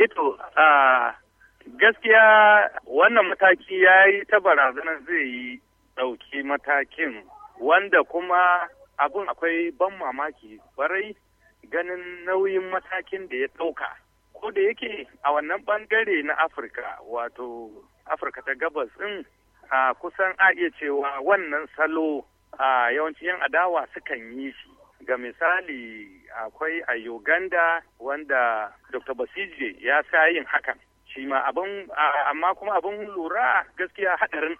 Ito, eh a gaskiya wannan mataki ya yi ta barazanar zai yi ɗauki matakin wanda kuma abun akwai ban mamaki barai ganin nauyin matakin da ya ɗauka. Ko da yake a wannan ɓangare na Afirka wato Afirka ta gabas ɗin a kusan a iya cewa wannan salo a yawancin yan adawa sukan yi shi. ga misali akwai a uganda wanda dr basije ya sa yin hakan shi ma abin amma kuma abin lura gaskiya hadarin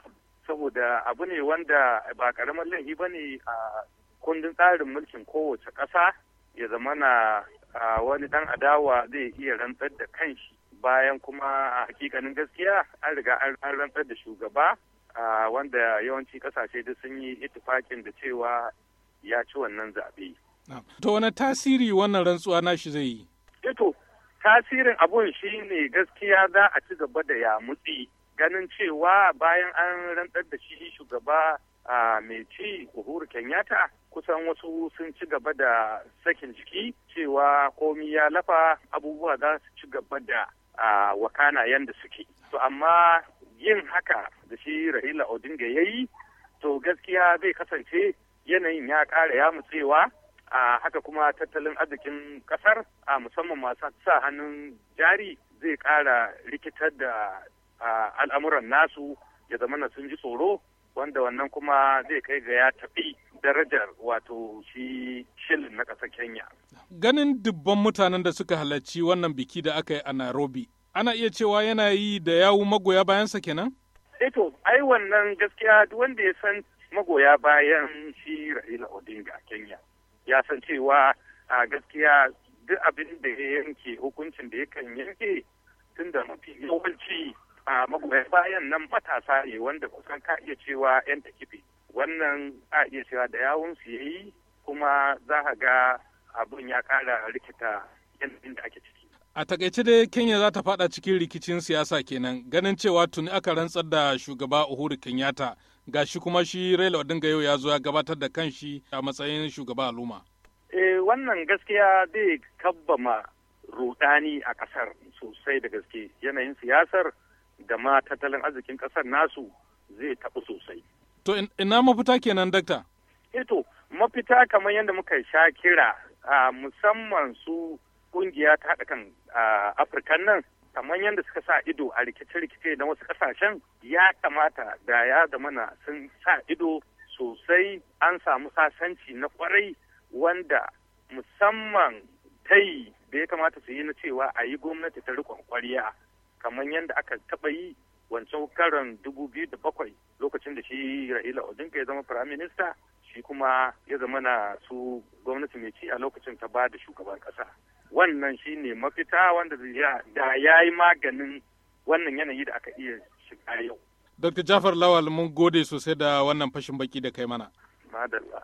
saboda abu ne wanda ba karamar laifi ba ne a kundin tsarin mulkin kowace ƙasa ya zama na wani dan adawa zai iya rantsar da kanshi bayan kuma a hakikanin gaskiya an riga an rantsar da shugaba wanda yawanci ƙasashe da sun yi itifakin da cewa ya ci wannan zaɓe. To wani tasiri wannan rantsuwa nashi zai yi? Ito, eh tasirin abun shi ne gaskiya za a ci gaba da ya mutsi ganin cewa bayan an rantsar da shi shugaba mai ci Uhuru Kenyatta kusan wasu sun ci gaba da sakin jiki cewa komi ya lafa abubuwa za su ci gaba da wakana yadda suke. To amma yin haka da shi Rahila Odinga ya yi, to gaskiya zai kasance yanayin ya ƙara ya mutsewa a haka kuma tattalin arzikin ƙasar a musamman masu sa hannun jari zai ƙara rikitar da al'amuran nasu ya zamana sun ji tsoro wanda wannan kuma zai kai ga ya tafi darajar wato shi shilin na ƙasar Kenya. Ganin dubban mutanen da suka halarci wannan biki da aka yi a Nairobi, ana iya cewa yana yi da yawu magoya bayansa kenan? Eto, eh ai wannan gaskiya duk wanda ya san magoya bayan shi Raila Odinga a Kenya ya san cewa a gaskiya duk abin da ya yanke hukuncin da yakan yanke tun da mafi yawanci a magoya bayan nan matasa ne wanda kusan ka iya cewa 'yan takife wannan a iya cewa da yawun su yayi kuma za ka ga abin ya kara rikita yanayin da ake ciki. A takaice dai Kenya za ta fada cikin rikicin siyasa kenan ganin cewa tuni aka rantsar da shugaba Uhuru Kenyatta gashi kuma shi Raila Odinga yau ya zo ya gabatar da kanshi a matsayin shugaba al'umma. Eh wannan gaskiya zai kabbama rudani a kasar sosai da gaske yanayin siyasar da ma tattalin arzikin kasar nasu zai taɓa sosai. To ina mafita kenan dakta? Eh to mafita kamar yadda muka sha kira a musamman su kungiya ta haɗa kan Afirkan nan kamar yadda suka sa ido a rikice-rikice na wasu kasashen ya kamata da ya zamana sun sa ido sosai an samu sasanci na kwarai wanda musamman ta yi da ya kamata su yi na cewa a yi gwamnati ta rikon kwariya kamar yadda aka taɓa yi wancan karon bakwai lokacin da shi ra'ila Odinka ya zama firayim minista shi kuma ya zama na su gwamnati mai ci a lokacin ta ba da shugaban ƙasa. wannan shi ne mafita wanda da ya yi maganin wannan yanayi da aka iya shiga yau. Dr. Jafar Lawal mun gode sosai da wannan fashin baki da kai mana. Madalla.